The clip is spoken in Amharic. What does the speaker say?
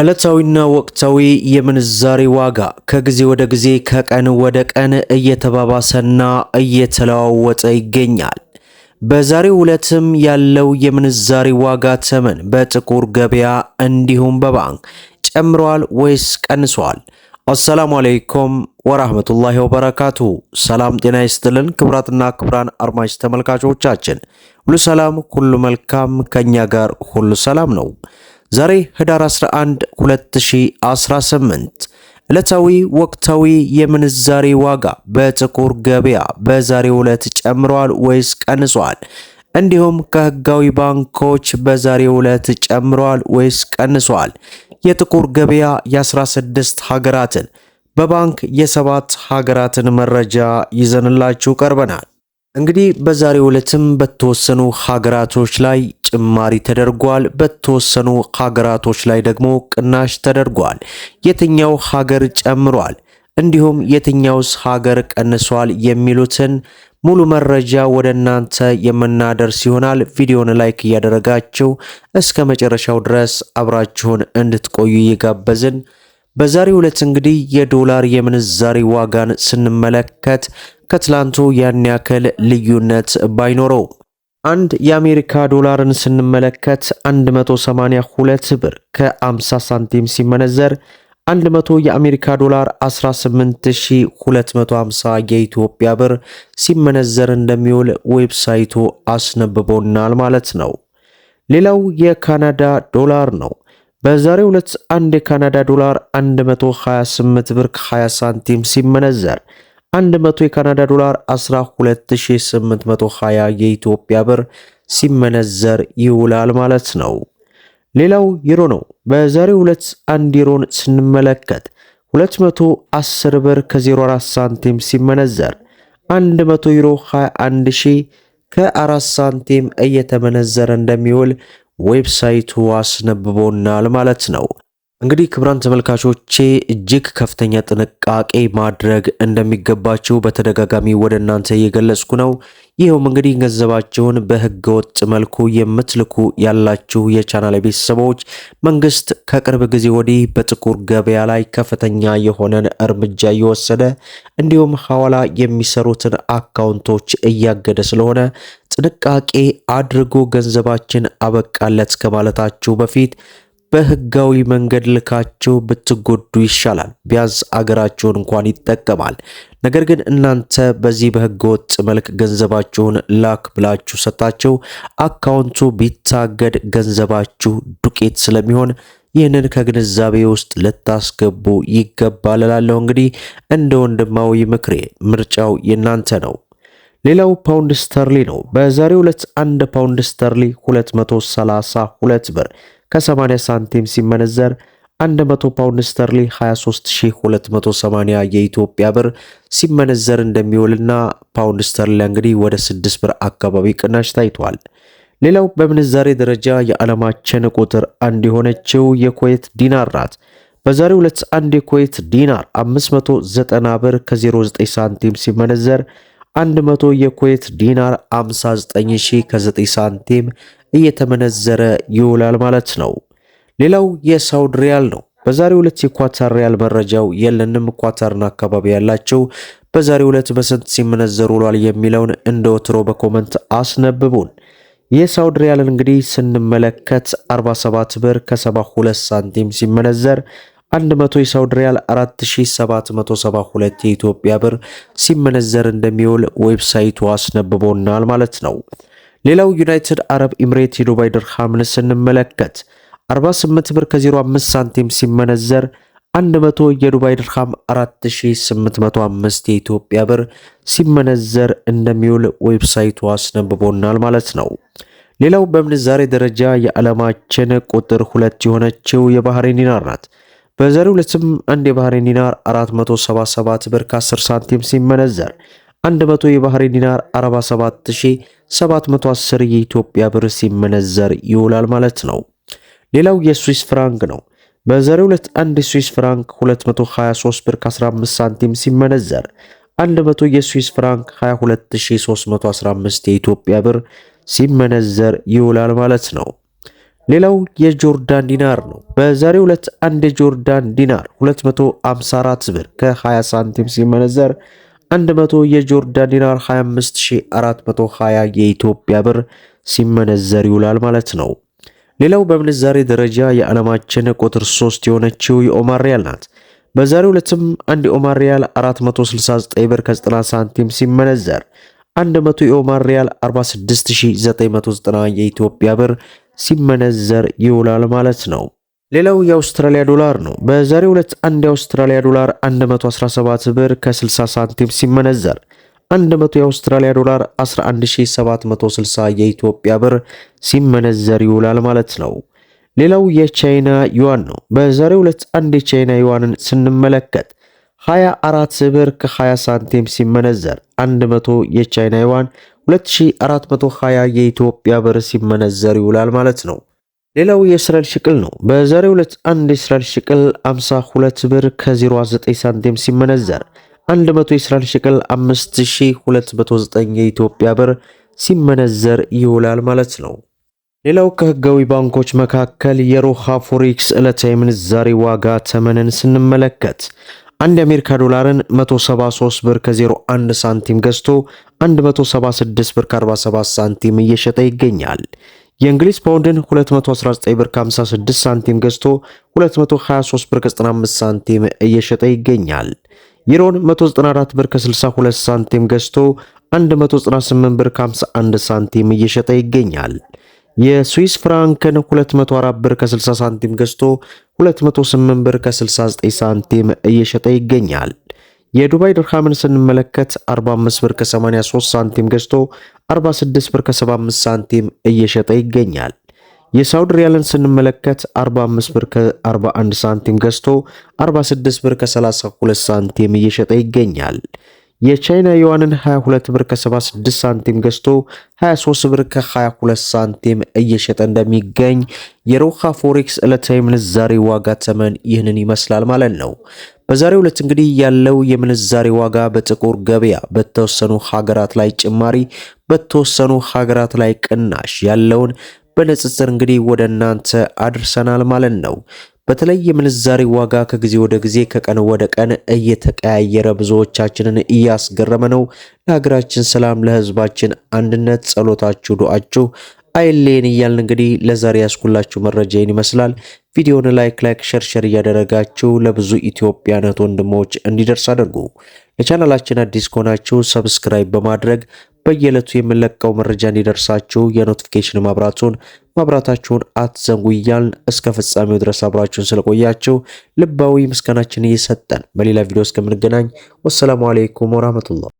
ዕለታዊና ወቅታዊ የምንዛሬ ዋጋ ከጊዜ ወደ ጊዜ ከቀን ወደ ቀን እየተባባሰና እየተለዋወጠ ይገኛል። በዛሬው ዕለትም ያለው የምንዛሬ ዋጋ ተመን በጥቁር ገበያ እንዲሁም በባንክ ጨምሯል ወይስ ቀንሷል? አሰላሙ አለይኩም ወራህመቱላሂ ወበረካቱ። ሰላም ጤና ይስጥልን ክብራትና ክብራን አድማጭ ተመልካቾቻችን ሁሉ ሰላም ሁሉ መልካም፣ ከኛ ጋር ሁሉ ሰላም ነው። ዛሬ ህዳር 11 2018 ዕለታዊ ወቅታዊ የምንዛሬ ዋጋ በጥቁር ገበያ በዛሬው ዕለት ጨምሯል ወይስ ቀንሷል? እንዲሁም ከህጋዊ ባንኮች በዛሬው ዕለት ጨምሯል ወይስ ቀንሷል? የጥቁር ገበያ የ16 ሀገራትን በባንክ የሰባት ሀገራትን መረጃ ይዘንላችሁ ቀርበናል። እንግዲህ በዛሬው ዕለትም በተወሰኑ ሀገራቶች ላይ ጭማሪ ተደርጓል። በተወሰኑ ሀገራቶች ላይ ደግሞ ቅናሽ ተደርጓል። የትኛው ሀገር ጨምሯል እንዲሁም የትኛውስ ሀገር ቀንሷል የሚሉትን ሙሉ መረጃ ወደ እናንተ የምናደርስ ይሆናል። ቪዲዮን ላይክ እያደረጋችሁ እስከ መጨረሻው ድረስ አብራችሁን እንድትቆዩ እየጋበዝን በዛሬው ዕለት እንግዲህ የዶላር የምንዛሬ ዋጋን ስንመለከት ከትላንቱ ያን ያክል ልዩነት ባይኖረው አንድ የአሜሪካ ዶላርን ስንመለከት 182 ብር ከ50 ሳንቲም ሲመነዘር 100 የአሜሪካ ዶላር 18250 የኢትዮጵያ ብር ሲመነዘር እንደሚውል ዌብሳይቱ አስነብቦናል ማለት ነው። ሌላው የካናዳ ዶላር ነው። በዛሬው ዕለት አንድ የካናዳ ዶላር 128 ብር ከ20 ሳንቲም ሲመነዘር 100 የካናዳ ዶላር 12820 የኢትዮጵያ ብር ሲመነዘር ይውላል ማለት ነው። ሌላው ዩሮ ነው። በዛሬው ዕለት አንድ ዩሮን ስንመለከት 210 ብር ከ04 ሳንቲም ሲመነዘር 100 ዩሮ 21 ሺህ ከ4 ሳንቲም እየተመነዘረ እንደሚውል ዌብሳይቱ አስነብቦናል ማለት ነው። እንግዲህ ክብራን ተመልካቾቼ እጅግ ከፍተኛ ጥንቃቄ ማድረግ እንደሚገባችሁ በተደጋጋሚ ወደ እናንተ እየገለጽኩ ነው። ይኸውም እንግዲህ ገንዘባችሁን በህገወጥ መልኩ የምትልኩ ያላችሁ የቻናል ቤተሰቦች መንግስት ከቅርብ ጊዜ ወዲህ በጥቁር ገበያ ላይ ከፍተኛ የሆነን እርምጃ እየወሰደ እንዲሁም ሐዋላ የሚሰሩትን አካውንቶች እያገደ ስለሆነ ጥንቃቄ አድርጎ ገንዘባችን አበቃለት ከማለታችሁ በፊት በህጋዊ መንገድ ልካቸው ብትጎዱ ይሻላል። ቢያንስ አገራቸውን እንኳን ይጠቀማል። ነገር ግን እናንተ በዚህ በህገወጥ መልክ ገንዘባችሁን ላክ ብላችሁ ሰታችሁ አካውንቱ ቢታገድ ገንዘባችሁ ዱቄት ስለሚሆን ይህንን ከግንዛቤ ውስጥ ልታስገቡ ይገባል እላለሁ። እንግዲህ እንደ ወንድማዊ ምክሬ ምርጫው የናንተ ነው። ሌላው ፓውንድ ስተርሊ ነው። በዛሬው ዕለት አንድ ፓውንድ ስተርሊ 232 ብር ከ80 ሳንቲም ሲመነዘር 100 ፓውንድ ስተርሊ 23280 የኢትዮጵያ ብር ሲመነዘር እንደሚውልና ፓውንድ ስተርሊ እንግዲህ ወደ 6 ብር አካባቢ ቅናሽ ታይቷል። ሌላው በምንዛሬ ደረጃ የዓለማችን ቁጥር አንድ የሆነችው የኩዌት ዲናር ናት። በዛሬው ዕለት አንድ የኩዌት ዲናር 590 ብር ከ09 ሳንቲም ሲመነዘር 100 የኩዌት ዲናር 59ሺ 9 ሳንቲም እየተመነዘረ ይውላል ማለት ነው። ሌላው የሳውድ ሪያል ነው። በዛሬው ዕለት የኳታር ሪያል መረጃው የለንም። ኳታርና አካባቢ ያላቸው በዛሬው ዕለት በስንት ሲመነዘር ውሏል የሚለውን እንደ ወትሮ በኮመንት አስነብቡን። የሳውድ ሪያልን እንግዲህ ስንመለከት 47 ብር ከ72 ሳንቲም ሲመነዘር 100 የሳውድ ሪያል 4772 የኢትዮጵያ ብር ሲመነዘር እንደሚውል ዌብሳይቱ አስነብቦናል ማለት ነው። ሌላው ዩናይትድ አረብ ኢምሬት የዱባይ ድርሃምን ስንመለከት 48 ብር ከ05 ሳንቲም ሲመነዘር 100 የዱባይ ድርሃም 4805 የኢትዮጵያ ብር ሲመነዘር እንደሚውል ዌብሳይቱ አስነብቦናል ማለት ነው። ሌላው በምንዛሬ ደረጃ የዓለማችን ቁጥር ሁለት የሆነችው የባህሬን ዲናር ናት። በዛሬው ዕለትም አንድ የባህሬን ዲናር 477 ብር ከ10 ሳንቲም ሲመነዘር 100 የባህሬን ዲናር 47710 የኢትዮጵያ ብር ሲመነዘር ይውላል ማለት ነው። ሌላው የስዊስ ፍራንክ ነው። በዛሬው ዕለት አንድ ስዊስ ፍራንክ 223 ብር 15 ሳንቲም ሲመነዘር 100 የስዊስ ፍራንክ 22315 የኢትዮጵያ ብር ሲመነዘር ይውላል ማለት ነው። ሌላው የጆርዳን ዲናር ነው። በዛሬው ዕለት አንድ የጆርዳን ዲናር 254 ብር ከ20 ሳንቲም ሲመነዘር 100 የጆርዳን ዲናር 25420 የኢትዮጵያ ብር ሲመነዘር ይውላል ማለት ነው። ሌላው በምንዛሬ ደረጃ የዓለማችን ቁጥር 3 የሆነችው የኦማር ሪያል ናት። በዛሬ ሁለትም አንድ የኦማር ሪያል 469 ብር ከ90 ሳንቲም ሲመነዘር 100 የኦማር ሪያል 46990 የኢትዮጵያ ብር ሲመነዘር ይውላል ማለት ነው። ሌላው የአውስትራሊያ ዶላር ነው። በዛሬ ሁለት አንድ የአውስትራሊያ ዶላር 117 ብር ከ60 ሳንቲም ሲመነዘር 100 የአውስትራሊያ ዶላር 11760 የኢትዮጵያ ብር ሲመነዘር ይውላል ማለት ነው። ሌላው የቻይና ዩዋን ነው። በዛሬ ሁለት አንድ የቻይና ዩዋንን ስንመለከት 24 ብር ከ20 ሳንቲም ሲመነዘር 100 የቻይና ዩዋን 2420 የኢትዮጵያ ብር ሲመነዘር ይውላል ማለት ነው። ሌላው የእስራኤል ሽቅል ነው። በዛሬው ዕለት አንድ የእስራኤል ሽቅል 52 ብር ከ09 ሳንቲም ሲመነዘር 100 የእስራኤል ሽቅል 5209 የኢትዮጵያ ብር ሲመነዘር ይውላል ማለት ነው። ሌላው ከህጋዊ ባንኮች መካከል የሮሃ ፎሬክስ ዕለታዊ ምንዛሬ ዋጋ ተመንን ስንመለከት አንድ የአሜሪካ ዶላርን 173 ብር ከ01 ሳንቲም ገዝቶ 176 ብር ከ47 ሳንቲም እየሸጠ ይገኛል። የእንግሊዝ ፓውንድን 219 ብር 56 ሳንቲም ገዝቶ 223 ብር 95 ሳንቲም እየሸጠ ይገኛል። ዩሮን 194 ብር 62 ሳንቲም ገዝቶ 198 ብር 51 ሳንቲም እየሸጠ ይገኛል። የስዊስ ፍራንክን 204 ብር 60 ሳንቲም ገዝቶ 208 ብር 69 ሳንቲም እየሸጠ ይገኛል። የዱባይ ድርሃምን ስንመለከት 45 ብር ከ83 ሳንቲም ገዝቶ 46 ብር ከ75 ሳንቲም እየሸጠ ይገኛል። የሳውዲ ሪያልን ስንመለከት 45 ብር ከ41 ሳንቲም ገዝቶ 46 ብር ከ32 ሳንቲም እየሸጠ ይገኛል። የቻይና ዩዋንን 22 ብር ከ76 ሳንቲም ገዝቶ 23 ብር ከ22 ሳንቲም እየሸጠ እንደሚገኝ የሮሃ ፎሬክስ ዕለታዊ ምንዛሬ ዋጋ ተመን ይህንን ይመስላል ማለት ነው። በዛሬ ዕለት እንግዲህ ያለው የምንዛሬ ዋጋ በጥቁር ገበያ በተወሰኑ ሀገራት ላይ ጭማሪ፣ በተወሰኑ ሀገራት ላይ ቅናሽ ያለውን በንጽጽር እንግዲህ ወደ እናንተ አድርሰናል ማለት ነው። በተለይ የምንዛሬ ዋጋ ከጊዜ ወደ ጊዜ ከቀን ወደ ቀን እየተቀያየረ ብዙዎቻችንን እያስገረመ ነው። ለሀገራችን ሰላም፣ ለህዝባችን አንድነት ጸሎታችሁ፣ ዱአችሁ አይሌን እያልን እንግዲህ ለዛሬ ያስኩላችሁ መረጃ ይህን ይመስላል። ቪዲዮን ላይክ ላይክ ሸር ሸር እያደረጋችሁ ለብዙ ኢትዮጵያነት ወንድሞች እንዲደርስ አድርጉ። ለቻናላችን አዲስ ከሆናችሁ ሰብስክራይብ በማድረግ በየዕለቱ የምንለቀው መረጃ እንዲደርሳችሁ የኖቲፊኬሽን ማብራቱን ማብራታችሁን አትዘንጉ እያልን እስከ ፍጻሜው ድረስ አብራችሁን ስለቆያችሁ ልባዊ ምስጋናችን እየሰጠን በሌላ ቪዲዮ እስከምንገናኝ ወሰላሙ አሌይኩም ወራህመቱላህ